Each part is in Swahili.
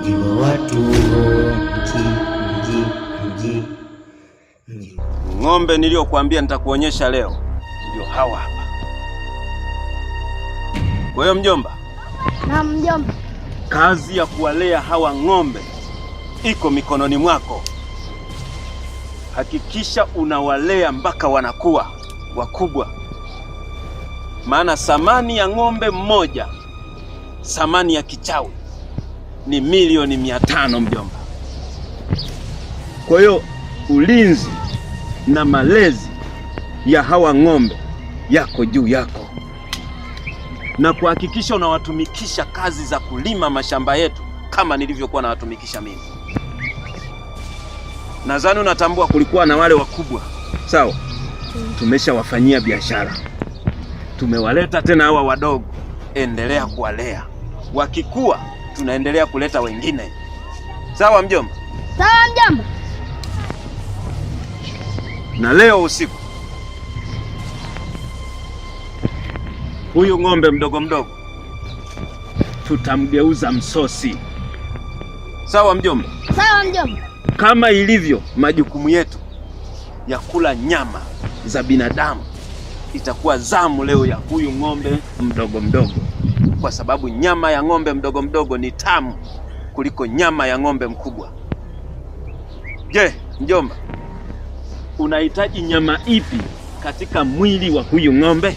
mji wa watu mji, mji, mji, mji. Ng'ombe niliyokuambia nitakuonyesha leo ndio hawa hapa. Kwa hiyo mjomba, na mjomba, kazi ya kuwalea hawa ng'ombe iko mikononi mwako. Hakikisha unawalea mpaka wanakuwa wakubwa, maana thamani ya ng'ombe mmoja thamani ya kichawi ni milioni mia tano mjomba. Kwa hiyo ulinzi na malezi ya hawa ng'ombe yako juu yako, na kuhakikisha unawatumikisha kazi za kulima mashamba yetu kama nilivyokuwa nawatumikisha mimi. Nadhani unatambua kulikuwa na wale wakubwa, sawa? Tumeshawafanyia biashara, tumewaleta tena hawa wadogo, endelea kuwalea wakikua tunaendelea kuleta wengine. Sawa mjomba? Sawa mjomba. Na leo usiku huyu ng'ombe mdogo mdogo tutamgeuza msosi. Sawa mjomba? Sawa mjomba. Kama ilivyo majukumu yetu ya kula nyama za binadamu, itakuwa zamu leo ya huyu ng'ombe mdogo mdogo kwa sababu nyama ya ng'ombe mdogo mdogo ni tamu kuliko nyama ya ng'ombe mkubwa. Je, mjomba, unahitaji nyama ipi katika mwili wa huyu ng'ombe?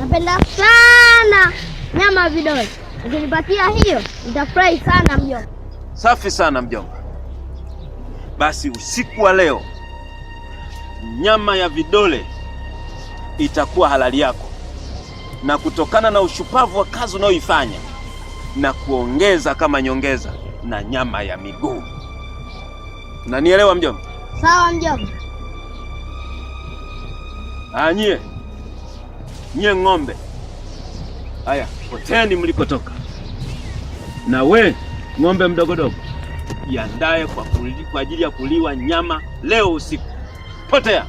Napenda sana nyama vidole, ukinipatia hiyo nitafurahi sana mjomba. Safi sana mjomba, basi usiku wa leo nyama ya vidole itakuwa halali yako na kutokana na ushupavu wa kazi unayoifanya na kuongeza kama nyongeza na nyama ya miguu. Nanielewa mjomba? Sawa mjomba. Anyie ah, nyie ng'ombe, haya poteni mlikotoka. Na we ng'ombe mdogodogo, kuli, kwa ajili ya kuliwa nyama leo usiku. Potea.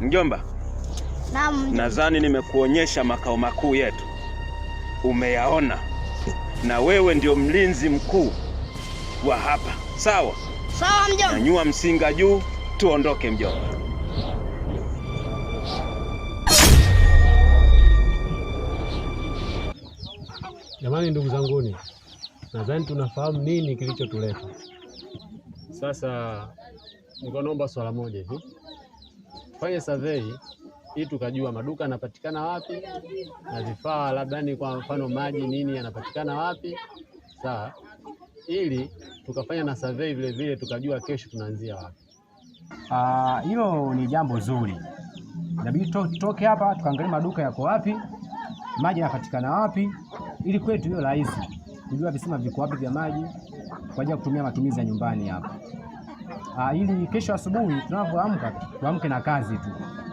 Mjomba, naam. Nadhani nimekuonyesha makao makuu yetu, umeyaona na wewe ndio mlinzi mkuu wa hapa, sawa sawa mjomba. Nanyua msinga juu, tuondoke mjomba. Jamani, ndugu zanguni, nadhani tunafahamu nini kilichotuleta sasa. nikonomba naomba swala moja hivi fanye survey ili tukajua maduka yanapatikana wapi na vifaa labda ni kwa mfano maji nini yanapatikana wapi, sawa, ili tukafanya na survey vile vile tukajua kesho tunaanzia wapi. Ah, hilo uh, ni jambo zuri. Inabidi tutoke hapa tukaangalia maduka yako wapi, maji yanapatikana wapi, ili kwetu hiyo rahisi kujua visima viko wapi vya maji kwa ajili ya kutumia matumizi ya nyumbani hapa uh, ili kesho asubuhi tunapoamka tuamke na kazi tu,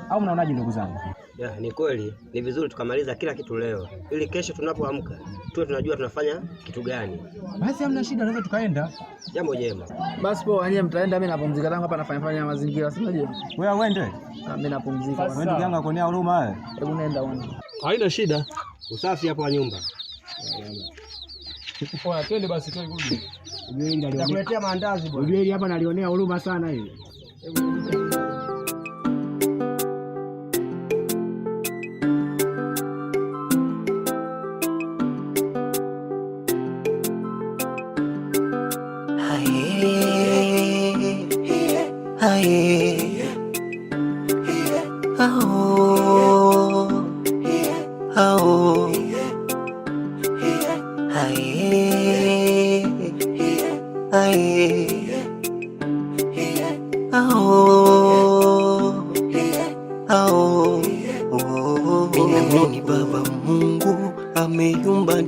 au mnaonaje ndugu zangu? Yeah, ni kweli, ni vizuri tukamaliza kila kitu leo ili kesho tunapoamka tuwe tunajua tunafanya kitu gani. Basi hamna shida, naweza tukaenda. Jambo jema. Basi poa, wanyewe mtaenda, mimi napumzika zangu hapa, nafanya fanya mazingira, si unajua. Wewe uende, ah, mimi napumzika. Wewe ndugu yangu akonea huruma wewe. Hebu nenda uone. Haina shida, usafi hapo wa nyumba. Poa, twende basi, twende. Nakuletea maandazi bwana. Ujue hili hapa nalionea huruma sana hili.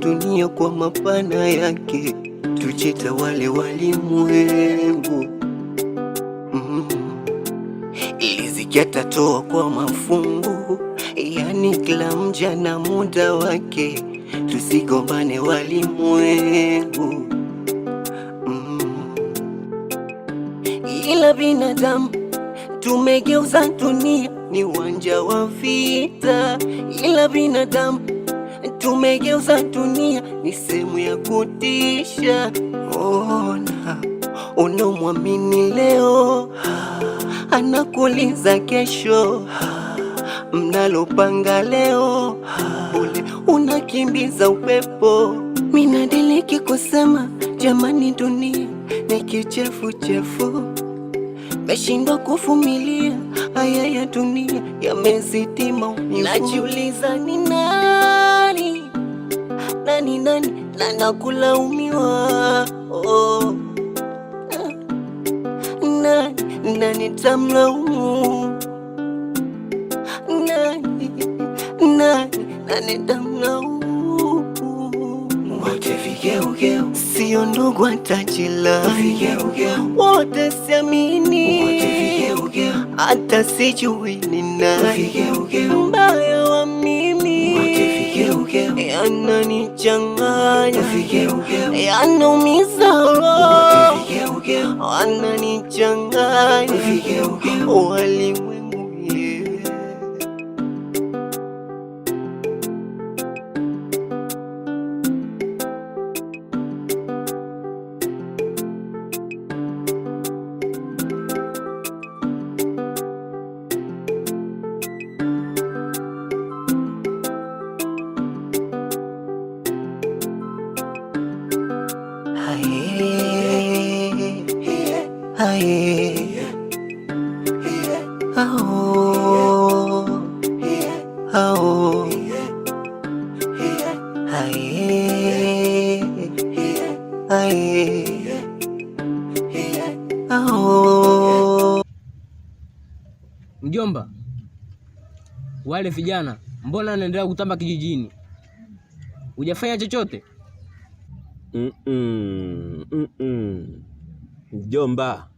dunia kwa mapana yake, wale walimwengu mm. Mm-hmm. Riziki atatoa kwa mafungu, yani kila mja na muda wake, tusigombane walimwengu mm. Ila binadamu tumegeuza dunia ni uwanja wa vita, ila binadamu Tumegeuza dunia ni sehemu ya kutisha. Ona unamwamini leo, anakuuliza kesho. Mnalopanga leo ule unakimbiza upepo. Minadiliki kusema jamani, dunia ni kichefuchefu. Meshindwa kuvumilia haya ya dunia, yamezidi maumivu. Najiuliza nani na nakulaumiwa oh. Nani na nitamlaumu nani, nani na nitamlaumu? Wote vigeugeu, sio ndugu hata wote siamini hata sijui ni nani mbaya yananichanganya, eh, yanaumiza eh, roho, wananichanganya walimwengu Mjomba, wale vijana mbona wanaendelea kutamba kijijini? Hujafanya chochote? mm -mm, mm -mm. Mjomba,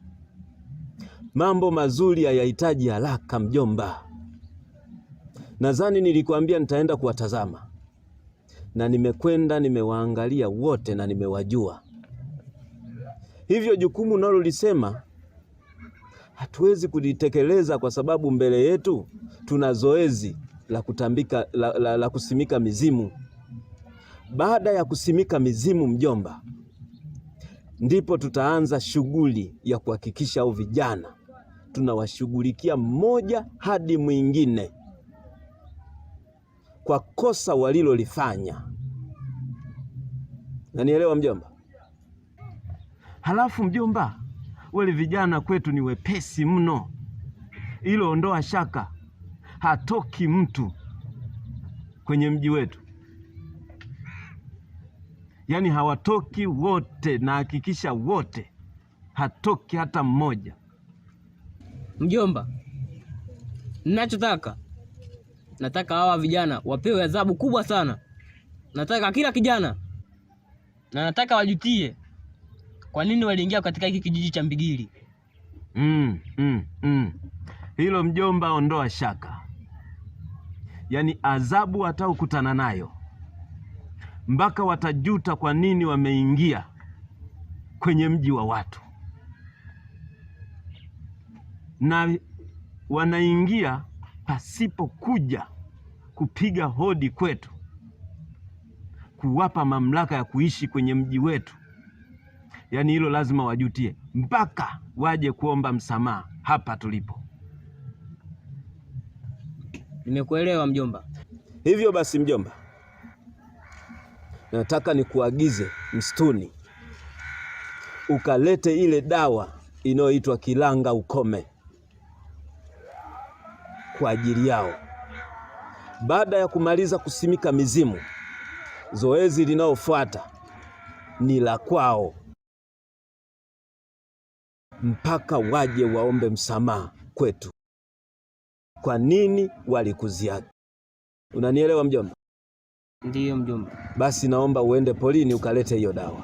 mambo mazuri hayahitaji haraka mjomba. Nadhani nilikwambia nitaenda kuwatazama na nimekwenda, nimewaangalia wote na nimewajua. Hivyo jukumu unalolisema hatuwezi kulitekeleza kwa sababu mbele yetu tuna zoezi la kutambika la, la, la kusimika mizimu. Baada ya kusimika mizimu Mjomba, ndipo tutaanza shughuli ya kuhakikisha au vijana tunawashughulikia mmoja hadi mwingine kwa kosa walilolifanya, nanielewa mjomba. Halafu mjomba, wale vijana kwetu ni wepesi mno, ilo ondoa shaka, hatoki mtu kwenye mji wetu yaani hawatoki wote, na hakikisha wote, hatoki hata mmoja. Mjomba, ninachotaka nataka hawa vijana wapewe adhabu kubwa sana. Nataka kila kijana, na nataka wajutie kwa nini waliingia katika hiki kijiji cha Mbigili. Mm, mm, mm. Hilo mjomba, ondoa shaka, yaani adhabu ukutana nayo mpaka watajuta kwa nini wameingia kwenye mji wa watu, na wanaingia pasipokuja kupiga hodi kwetu, kuwapa mamlaka ya kuishi kwenye mji wetu. Yaani hilo lazima wajutie, mpaka waje kuomba msamaha hapa tulipo. Nimekuelewa mjomba. Hivyo basi mjomba, nataka nikuagize msituni ukalete ile dawa inayoitwa kilanga ukome kwa ajili yao. Baada ya kumaliza kusimika mizimu, zoezi linalofuata ni la kwao mpaka waje waombe msamaha kwetu. Kwa nini walikuziaga? Unanielewa mjomba? Ndiyo mjumbe. Basi naomba uende polini ukalete hiyo dawa.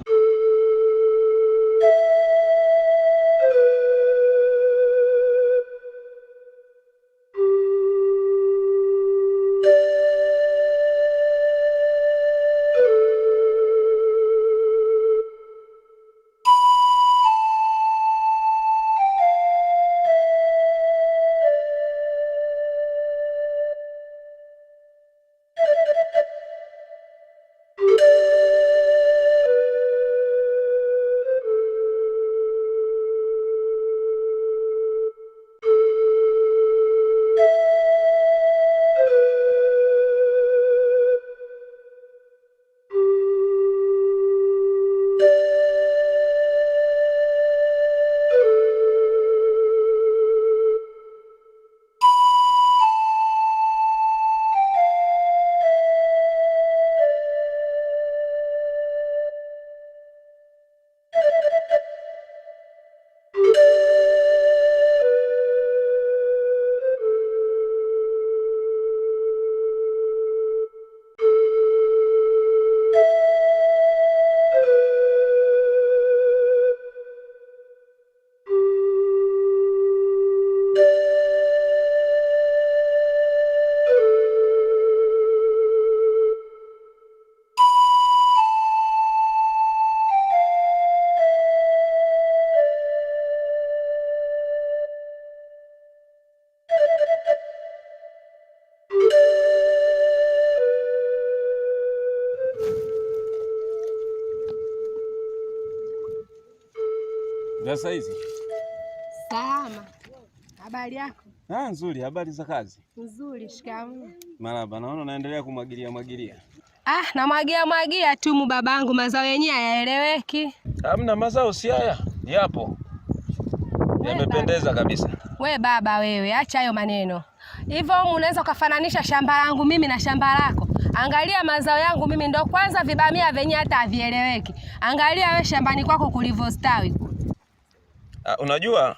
Vya saizi hizi salama. Habari yako? Ah, nzuri. Habari za kazi? Nzuri, shikamoo. Maraba, naona naendelea kumwagilia mwagilia. Ah, namwagia mwagia tumu babangu, mazao yenyewe hayaeleweki. Hamna mazao, si haya yapo, yamependeza kabisa. We baba wewe, acha hayo maneno hivyo. Unaweza ukafananisha shamba langu mimi na shamba lako? Angalia mazao yangu mimi, ndo kwanza vibamia venye hata havieleweki. Angalia we shambani kwako kulivyostawi. Uh, unajua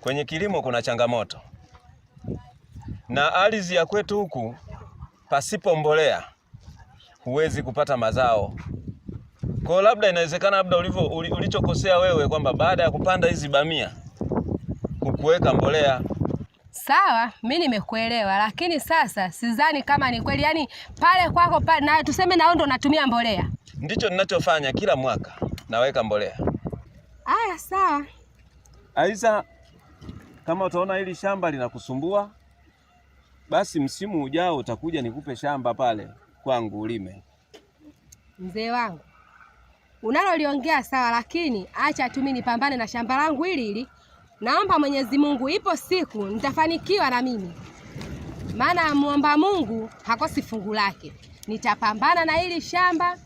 kwenye kilimo kuna changamoto na ardhi ya kwetu huku, pasipo mbolea huwezi kupata mazao. Kwa labda inawezekana labda ulivyo ulichokosea wewe kwamba baada ya kupanda hizi bamia hukuweka mbolea. Sawa, mi nimekuelewa, lakini sasa sidhani kama ni kweli. Yaani pale kwako pale, na tuseme nao ndo natumia mbolea. Ndicho ninachofanya kila mwaka, naweka mbolea Aya, sawa. Aisa, kama utaona hili shamba linakusumbua, basi msimu ujao utakuja nikupe shamba pale kwangu ulime. Mzee wangu unaloliongea sawa, lakini acha tu mimi nipambane na shamba langu hili hili. Naomba Mwenyezi Mungu, ipo siku nitafanikiwa na mimi, maana muomba Mungu hakosi fungu lake. Nitapambana na hili shamba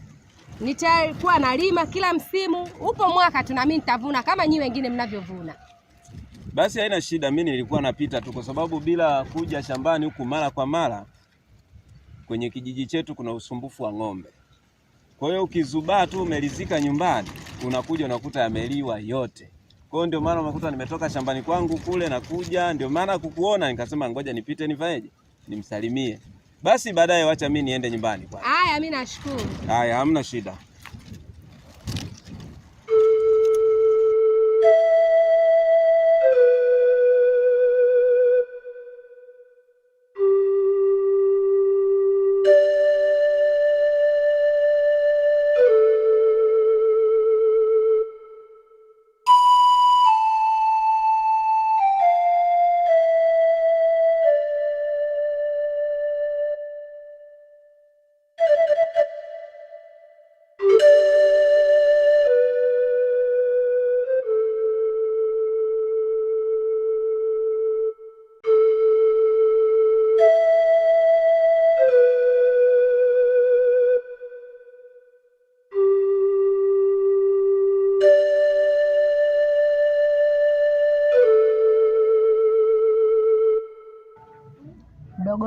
nitakuwa nalima kila msimu, upo mwaka tu nami nitavuna kama nyinyi wengine mnavyovuna. Basi haina shida, mimi nilikuwa napita tu, kwa sababu bila kuja shambani huku mara kwa mara, kwenye kijiji chetu kuna usumbufu wa ng'ombe. Kwa hiyo ukizubaa tu umelizika nyumbani, unakuja unakuta yameliwa yote. Kwa hiyo ndio maana umekuta nimetoka shambani kwangu kule nakuja, ndio maana kukuona nikasema ngoja nipite nivaeje, nimsalimie. Basi baadaye wacha mimi niende nyumbani kwanza. Haya, mimi nashukuru. Haya, hamna shida.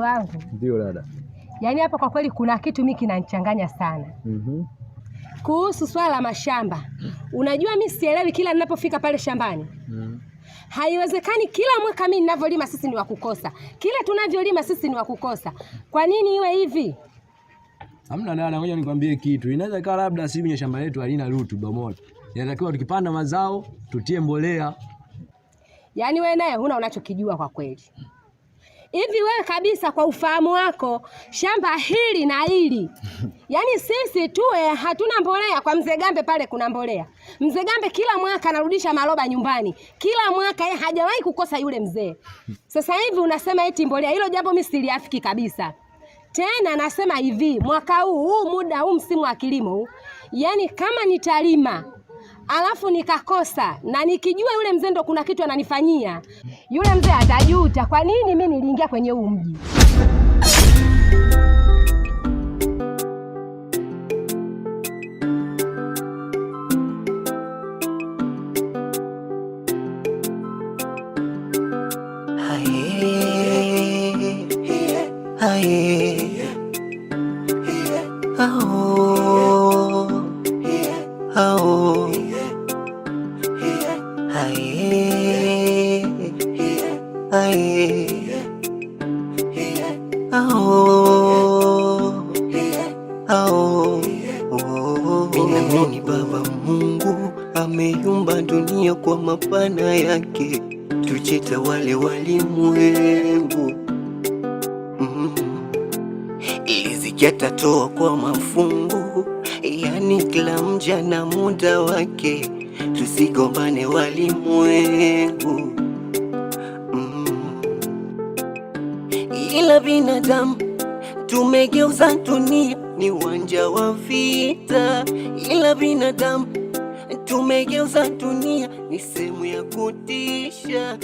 mdogo wangu? Ndio dada. Yaani hapa kwa kweli kuna kitu mimi kinanichanganya sana. Mhm. mm Kuhusu swala la mashamba, unajua mimi sielewi, kila ninapofika pale shambani mm. Haiwezekani kila mwaka mimi ninavyolima sisi ni wakukosa, kila tunavyolima sisi ni wakukosa. Kwa nini iwe hivi? Hamna dada, ngoja nikwambie kitu. Inaweza ikawa labda sisi kwenye shamba letu halina rutuba moja, inatakiwa tukipanda mazao tutie mbolea. Yaani wewe naye huna unachokijua kwa kweli hivi wewe kabisa, kwa ufahamu wako, shamba hili na hili yaani sisi tuwe hatuna mbolea kwa Mzegambe pale, kuna mbolea Mzegambe kila mwaka anarudisha maloba nyumbani, kila mwaka yeye hajawahi kukosa yule mzee. Sasa hivi unasema eti mbolea, hilo jambo mimi siliafiki kabisa. Tena nasema hivi, mwaka huu huu muda huu msimu wa kilimo huu, yaani kama nitalima alafu nikakosa, na nikijua yule mzee ndo kuna kitu ananifanyia yule mzee atajuta, kwa nini mimi niliingia kwenye huu mji. Hai, hai. yatatoa mafungu, yani kila mja na muda wake. Tusigombane walimwengu, mm. Ila binadamu tumegeuza dunia ni uwanja wa vita, ila binadamu tumegeuza dunia ni sehemu ya kutisha.